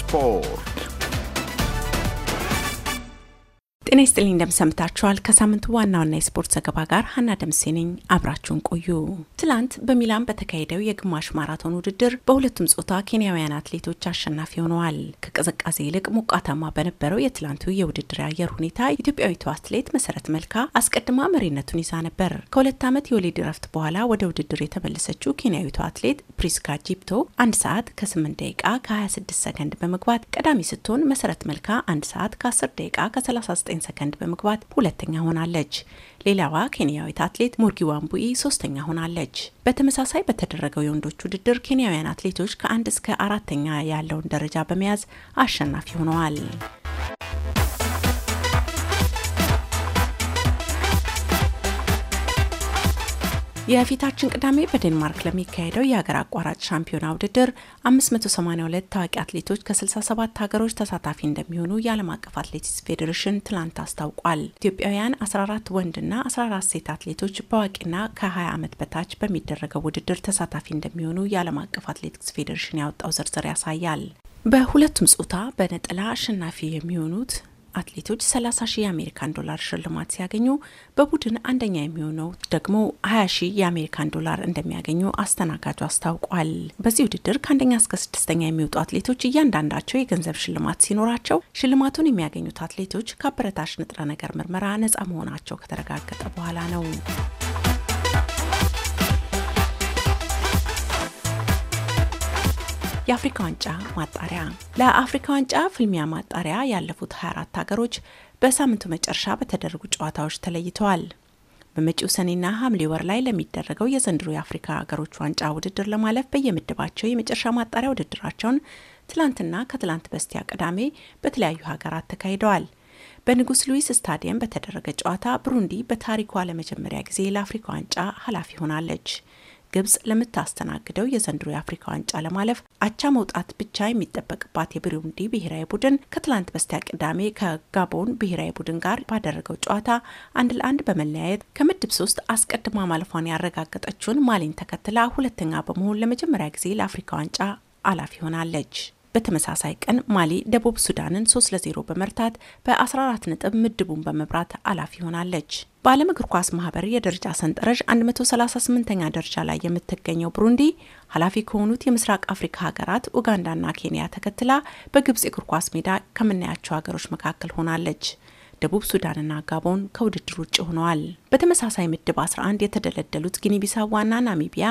spor. ጤና ይስጥልኝ እንደምሰምታችኋል። ከሳምንቱ ዋና ዋና የስፖርት ዘገባ ጋር ሀና ደምሴ ነኝ። አብራችሁን ቆዩ። ትላንት በሚላን በተካሄደው የግማሽ ማራቶን ውድድር በሁለቱም ጾታ ኬንያውያን አትሌቶች አሸናፊ ሆነዋል። ከቅዝቃዜ ይልቅ ሞቃታማ በነበረው የትላንቱ የውድድር አየር ሁኔታ ኢትዮጵያዊቱ አትሌት መሰረት መልካ አስቀድማ መሪነቱን ይዛ ነበር። ከሁለት ዓመት የወሊድ ረፍት በኋላ ወደ ውድድር የተመለሰችው ኬንያዊቱ አትሌት ፕሪስካ ጂፕቶ አንድ ሰዓት ከ8 ደቂቃ ከ26 ሰከንድ በመግባት ቀዳሚ ስትሆን መሰረት መልካ አንድ ሰዓት ከ10 ደቂቃ ከ39 ዘጠኝ ሰከንድ በመግባት ሁለተኛ ሆናለች። ሌላዋ ኬንያዊት አትሌት ሙርጊ ዋንቡኢ ሶስተኛ ሆናለች። በተመሳሳይ በተደረገው የወንዶች ውድድር ኬንያውያን አትሌቶች ከአንድ እስከ አራተኛ ያለውን ደረጃ በመያዝ አሸናፊ ሆነዋል። የፊታችን ቅዳሜ በዴንማርክ ለሚካሄደው የሀገር አቋራጭ ሻምፒዮና ውድድር 582 ታዋቂ አትሌቶች ከ67 ሀገሮች ተሳታፊ እንደሚሆኑ የዓለም አቀፍ አትሌቲክስ ፌዴሬሽን ትላንት አስታውቋል። ኢትዮጵያውያን 14 ወንድና 14 ሴት አትሌቶች በአዋቂና ከ20 ዓመት በታች በሚደረገው ውድድር ተሳታፊ እንደሚሆኑ የዓለም አቀፍ አትሌቲክስ ፌዴሬሽን ያወጣው ዝርዝር ያሳያል። በሁለቱም ጾታ በነጠላ አሸናፊ የሚሆኑት አትሌቶች 30 ሺህ የአሜሪካን ዶላር ሽልማት ሲያገኙ በቡድን አንደኛ የሚሆነው ደግሞ 20 ሺህ የአሜሪካን ዶላር እንደሚያገኙ አስተናጋጁ አስታውቋል። በዚህ ውድድር ከአንደኛ እስከ ስድስተኛ የሚወጡ አትሌቶች እያንዳንዳቸው የገንዘብ ሽልማት ሲኖራቸው ሽልማቱን የሚያገኙት አትሌቶች ከአበረታሽ ንጥረ ነገር ምርመራ ነጻ መሆናቸው ከተረጋገጠ በኋላ ነው። የአፍሪካ ዋንጫ ማጣሪያ ለአፍሪካ ዋንጫ ፍልሚያ ማጣሪያ ያለፉት 24 ሀገሮች በሳምንቱ መጨረሻ በተደረጉ ጨዋታዎች ተለይተዋል። በመጪው ሰኔና ሐምሌ ወር ላይ ለሚደረገው የዘንድሮ የአፍሪካ ሀገሮች ዋንጫ ውድድር ለማለፍ በየምድባቸው የመጨረሻ ማጣሪያ ውድድራቸውን ትላንትና ከትላንት በስቲያ ቅዳሜ በተለያዩ ሀገራት ተካሂደዋል። በንጉስ ሉዊስ ስታዲየም በተደረገ ጨዋታ ብሩንዲ በታሪኳ ለመጀመሪያ ጊዜ ለአፍሪካ ዋንጫ ኃላፊ ሆናለች። ግብጽ ለምታስተናግደው የዘንድሮ የአፍሪካ ዋንጫ ለማለፍ አቻ መውጣት ብቻ የሚጠበቅባት የብሩንዲ ብሔራዊ ቡድን ከትላንት በስቲያ ቅዳሜ ከጋቦን ብሔራዊ ቡድን ጋር ባደረገው ጨዋታ አንድ ለአንድ በመለያየት ከምድብ ሶስት አስቀድማ ማለፏን ያረጋገጠችውን ማሊን ተከትላ ሁለተኛ በመሆን ለመጀመሪያ ጊዜ ለአፍሪካ ዋንጫ አላፊ ሆናለች። በተመሳሳይ ቀን ማሊ ደቡብ ሱዳንን 3 ለዜሮ በመርታት በ14 ነጥብ ምድቡን በመብራት አላፊ ሆናለች። በዓለም እግር ኳስ ማህበር የደረጃ ሰንጠረዥ 138ኛ ደረጃ ላይ የምትገኘው ብሩንዲ ኃላፊ ከሆኑት የምስራቅ አፍሪካ ሀገራት ኡጋንዳና ኬንያ ተከትላ በግብፅ እግር ኳስ ሜዳ ከምናያቸው ሀገሮች መካከል ሆናለች። ደቡብ ሱዳንና ጋቦን ከውድድር ውጭ ሆነዋል። በተመሳሳይ ምድብ 11 የተደለደሉት ጊኒቢሳዋና ናሚቢያ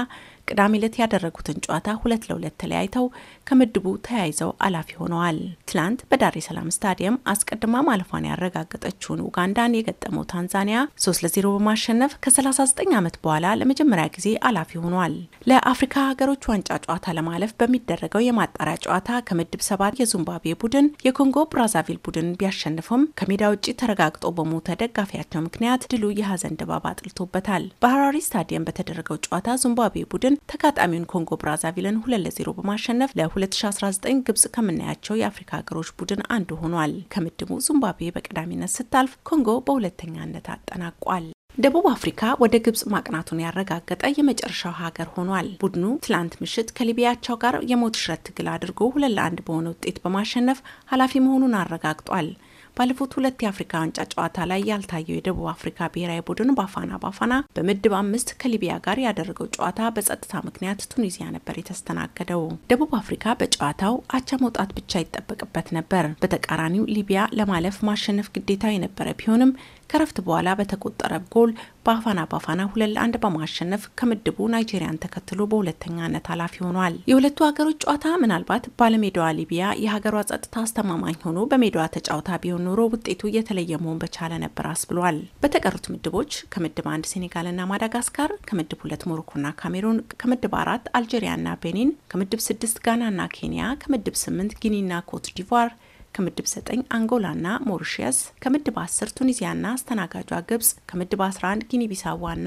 ቅዳሜ ዕለት ያደረጉትን ጨዋታ ሁለት ለሁለት ተለያይተው ከምድቡ ተያይዘው አላፊ ሆነዋል። ትላንት በዳሬ ሰላም ስታዲየም አስቀድማ ማለፏን ያረጋገጠችውን ኡጋንዳን የገጠመው ታንዛኒያ 3 ለ 0 በማሸነፍ ከ39 ዓመት በኋላ ለመጀመሪያ ጊዜ አላፊ ሆኗል። ለአፍሪካ ሀገሮች ዋንጫ ጨዋታ ለማለፍ በሚደረገው የማጣሪያ ጨዋታ ከምድብ ሰባት የዚምባብዌ ቡድን የኮንጎ ብራዛቪል ቡድን ቢያሸንፍም ከሜዳ ውጭ ተረጋግጦ በሞተ ደጋፊያቸው ምክንያት ድሉ የሀዘን ድባብ አጥልቶበታል። በሀራሪ ስታዲየም በተደረገው ጨዋታ ዚምባብዌ ቡድን ተጋጣሚውን ኮንጎ ብራዛቪልን ሁለት ለዜሮ በማሸነፍ ለ2019 ግብጽ ከምናያቸው የአፍሪካ ሀገሮች ቡድን አንዱ ሆኗል። ከምድቡ ዚምባብዌ በቀዳሚነት ስታልፍ፣ ኮንጎ በሁለተኛነት አጠናቋል። ደቡብ አፍሪካ ወደ ግብጽ ማቅናቱን ያረጋገጠ የመጨረሻው ሀገር ሆኗል። ቡድኑ ትላንት ምሽት ከሊቢያቸው ጋር የሞት ሽረት ትግል አድርጎ ሁለት ለአንድ በሆነ ውጤት በማሸነፍ ኃላፊ መሆኑን አረጋግጧል። ባለፉት ሁለት የአፍሪካ ዋንጫ ጨዋታ ላይ ያልታየው የደቡብ አፍሪካ ብሔራዊ ቡድን ባፋና ባፋና በምድብ አምስት ከሊቢያ ጋር ያደረገው ጨዋታ በጸጥታ ምክንያት ቱኒዚያ ነበር የተስተናገደው። ደቡብ አፍሪካ በጨዋታው አቻ መውጣት ብቻ ይጠበቅበት ነበር። በተቃራኒው ሊቢያ ለማለፍ ማሸነፍ ግዴታ የነበረ ቢሆንም ከረፍት በኋላ በተቆጠረ ጎል በአፋና ባፋና ሁለት ለአንድ በማሸነፍ ከምድቡ ናይጄሪያን ተከትሎ በሁለተኛነት ኃላፊ ሆኗል። የሁለቱ ሀገሮች ጨዋታ ምናልባት ባለሜዳዋ ሊቢያ የሀገሯ ጸጥታ አስተማማኝ ሆኖ በሜዳዋ ተጫውታ ቢሆን ኖሮ ውጤቱ የተለየ መሆን በቻለ ነበር አስብሏል። በተቀሩት ምድቦች ከምድብ አንድ ሴኔጋልና ማዳጋስካር፣ ከምድብ ሁለት ሞሮኮና ካሜሩን፣ ከምድብ አራት አልጄሪያና ቤኒን፣ ከምድብ ስድስት ጋናና ኬንያ፣ ከምድብ ስምንት ጊኒና ኮት ዲቫር ከምድብ 9 አንጎላና ሞሪሽስ፣ ከምድብ 10 ቱኒዚያና አስተናጋጇ ግብጽ፣ ከምድብ 11 ጊኒ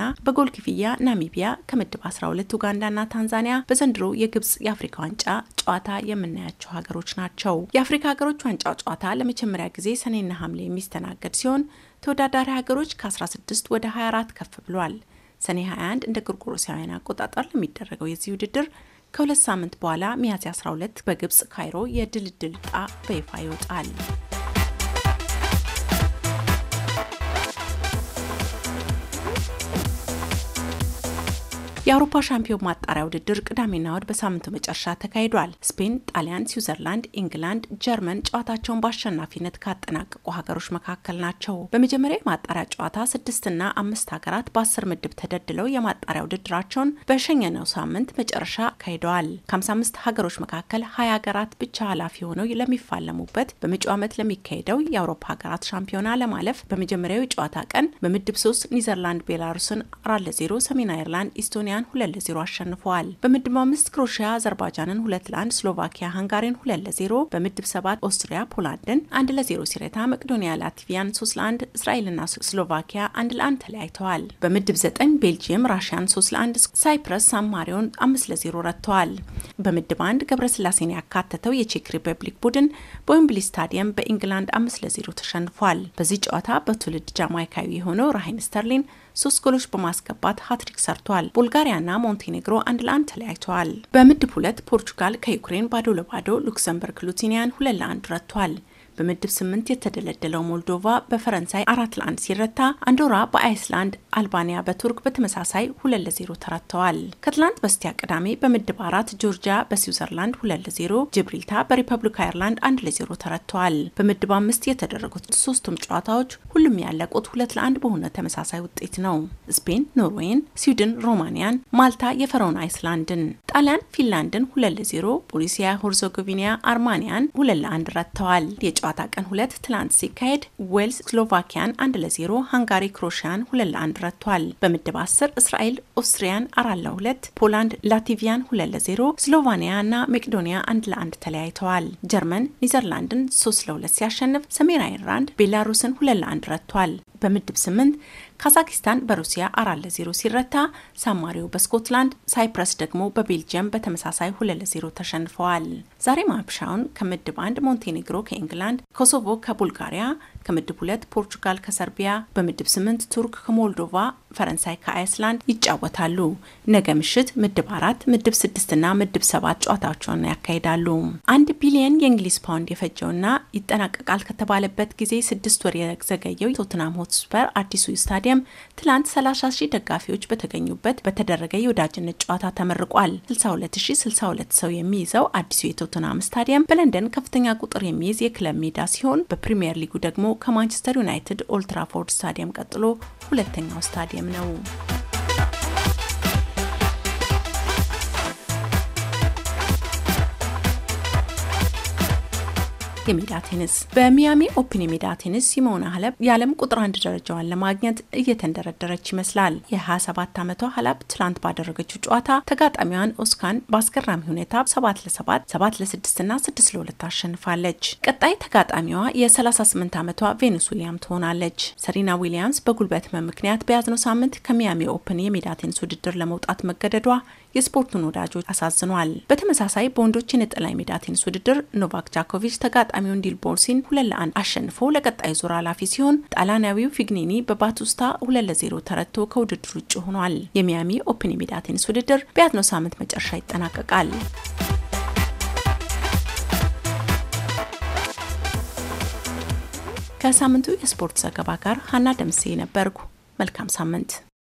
ና በጎል ክፍያ ናሚቢያ፣ ከምድብ 12 ኡጋንዳና ታንዛኒያ በዘንድሮ የግብጽ የአፍሪካ ዋንጫ ጨዋታ የምናያቸው ሀገሮች ናቸው። የአፍሪካ ሀገሮች ዋንጫ ጨዋታ ለመጀመሪያ ጊዜ ሰኔና ሐምሌ የሚስተናገድ ሲሆን ተወዳዳሪ ሀገሮች ከ16 ወደ 24 ከፍ ብሏል። ሰኔ 21 እንደ ጎርጎሮሳውያን አቆጣጠር ለሚደረገው የዚህ ውድድር ከሁለት ሳምንት በኋላ ሚያዝያ 12 በግብፅ ካይሮ የድልድል ዕጣ በይፋ ይወጣል። የአውሮፓ ሻምፒዮን ማጣሪያ ውድድር ቅዳሜና እሁድ በሳምንቱ መጨረሻ ተካሂዷል። ስፔን፣ ጣሊያን፣ ስዊዘርላንድ፣ ኢንግላንድ፣ ጀርመን ጨዋታቸውን በአሸናፊነት ካጠናቀቁ ሀገሮች መካከል ናቸው። በመጀመሪያ የማጣሪያ ጨዋታ ስድስትና አምስት ሀገራት በአስር ምድብ ተደድለው የማጣሪያ ውድድራቸውን በሸኘነው ሳምንት መጨረሻ አካሂደዋል። ከ55 ሀገሮች መካከል ሀያ ሀገራት ብቻ ኃላፊ ሆነው ለሚፋለሙበት በመጪው ዓመት ለሚካሄደው የአውሮፓ ሀገራት ሻምፒዮና ለማለፍ በመጀመሪያው የጨዋታ ቀን በምድብ ሶስት ኒዘርላንድ ቤላሩስን አራት ለዜሮ፣ ሰሜን አይርላንድ ኢስቶኒያ ሩማኒያን ሁለት ለዜሮ አሸንፈዋል። በምድብ አምስት ክሮሺያ አዘርባይጃንን ሁለት ለአንድ፣ ስሎቫኪያ ሃንጋሪን ሁለት ለዜሮ፣ በምድብ ሰባት ኦስትሪያ ፖላንድን አንድ ለዜሮ ሲረታ መቅዶኒያ ላትቪያን ሶስት ለአንድ፣ እስራኤልና ስሎቫኪያ አንድ ለአንድ ተለያይተዋል። በምድብ ዘጠኝ ቤልጅየም ራሽያን ሶስት ለአንድ፣ ሳይፕረስ ሳማሪዮን አምስት ለዜሮ ረትተዋል። በምድብ አንድ ገብረስላሴን ያካተተው የቼክ ሪፐብሊክ ቡድን በዌምብሊ ስታዲየም በኢንግላንድ አምስት ለዜሮ ተሸንፏል። በዚህ ጨዋታ በትውልድ ጃማይካዊ የሆነው ራሃይን ስተርሊን ሶስት ጎሎች በማስገባት ሀትሪክ ሰርቷል። ቡልጋ ቡልጋሪያና ሞንቴኔግሮ አንድ ለአንድ ተለያይተዋል። በምድብ ሁለት ፖርቹጋል ከዩክሬን ባዶ ለባዶ፣ ሉክሰምበርግ ሉቲኒያን ሁለት ለአንድ ረቷል። በምድብ ስምንት የተደለደለው ሞልዶቫ በፈረንሳይ አራት ለአንድ ሲረታ አንዶራ በአይስላንድ፣ አልባንያ በቱርክ በተመሳሳይ ሁለት ለዜሮ ተራተዋል። ከትላንት በስቲያ ቅዳሜ በምድብ አራት ጆርጂያ በስዊዘርላንድ ሁለት ለዜሮ፣ ጅብሪልታ በሪፐብሊክ አይርላንድ አንድ ለዜሮ ተረተዋል። በምድብ አምስት የተደረጉት ሶስቱም ጨዋታዎች ሁሉም ያለቁት ሁለት ለአንድ በሆነ ተመሳሳይ ውጤት ነው። ስፔን ኖርዌይን፣ ስዊድን ሮማኒያን፣ ማልታ የፈረውን አይስላንድን፣ ጣሊያን ፊንላንድን ሁለት ለዜሮ፣ ቦሊሲያ ሆርዞጎቪኒያ አርማኒያን ሁለት ለአንድ ረትተዋል። የጨዋታ ቀን ሁለት ትላንት ሲካሄድ ዌልስ ስሎቫኪያን አንድ ለዜሮ፣ ሃንጋሪ ክሮሽያን ሁለት ለአንድ ረቷል። በምድብ አስር እስራኤል ኦስትሪያን አራት ለሁለት፣ ፖላንድ ላቲቪያን ሁለት ለዜሮ፣ ስሎቫኒያ እና መቄዶኒያ አንድ ለአንድ ተለያይተዋል። ጀርመን ኒዘርላንድን ሶስት ለሁለት ሲያሸንፍ፣ ሰሜን አይርላንድ ቤላሩስን ሁለት ለአንድ ረቷል። በምድብ ስምንት ካዛክስታን በሩሲያ አራት ለዜሮ ሲረታ ሳማሪው በስኮትላንድ ሳይፕረስ ደግሞ በቤልጅየም በተመሳሳይ ሁለት ለዜሮ ተሸንፈዋል። ዛሬ ማምሻውን ከምድብ አንድ ሞንቴኔግሮ ከኢንግላንድ፣ ኮሶቮ ከቡልጋሪያ፣ ከምድብ ሁለት ፖርቹጋል ከሰርቢያ፣ በምድብ ስምንት ቱርክ ከሞልዶቫ፣ ፈረንሳይ ከአይስላንድ ይጫወታሉ። ነገ ምሽት ምድብ አራት ምድብ ስድስትና ምድብ ሰባት ጨዋታቸውን ያካሂዳሉ። አንድ ቢሊየን የእንግሊዝ ፓውንድ ና ይጠናቀቃል ከተባለበት ጊዜ ስድስት ወር የዘገየው ቶትናም ሆትስፐር አዲሱ ስታዲየም ትላንት 30 ሺህ ደጋፊዎች በተገኙበት በተደረገ የወዳጅነት ጨዋታ ተመርቋል። 62062 ሰው የሚይዘው አዲሱ የቶትናም ስታዲየም በለንደን ከፍተኛ ቁጥር የሚይዝ የክለብ ሜዳ ሲሆን በፕሪምየር ሊጉ ደግሞ ከማንቸስተር ዩናይትድ ኦልትራፎርድ ስታዲየም ቀጥሎ ሁለተኛው ስታዲየም يمنعوه የሜዳ ቴኒስ በሚያሚ ኦፕን የሜዳ ቴኒስ ሲሞና ሀለብ የዓለም ቁጥር አንድ ደረጃዋን ለማግኘት እየተንደረደረች ይመስላል። የ27 ዓመቷ ሀላብ ትላንት ባደረገችው ጨዋታ ተጋጣሚዋን ኦስካን በአስገራሚ ሁኔታ 7 ለ7፣ 7 ለ6 እና 6 ለ2 አሸንፋለች። ቀጣይ ተጋጣሚዋ የ38 ዓመቷ ቬኑስ ዊሊያም ትሆናለች። ሰሪና ዊሊያምስ በጉልበት ምክንያት በያዝነው ሳምንት ከሚያሚ ኦፕን የሜዳ ቴኒስ ውድድር ለመውጣት መገደዷ የስፖርቱን ወዳጆች አሳዝኗል። በተመሳሳይ በወንዶች የነጠላ ሜዳ ቴኒስ ውድድር ኖቫክ ጃኮቪች ተጋጣሚውን ዲልቦርሲን ሁለት ለአንድ አሸንፎ ለቀጣይ ዙር ኃላፊ ሲሆን ጣሊያናዊው ፊግኒኒ በባቱስታ ሁለት ለዜሮ ተረቶ ከውድድር ውጭ ሆኗል። የሚያሚ ኦፕን የሜዳ ቴኒስ ውድድር በያዝነው ሳምንት መጨረሻ ይጠናቀቃል። ከሳምንቱ የስፖርት ዘገባ ጋር ሀና ደምሴ ነበርኩ። መልካም ሳምንት።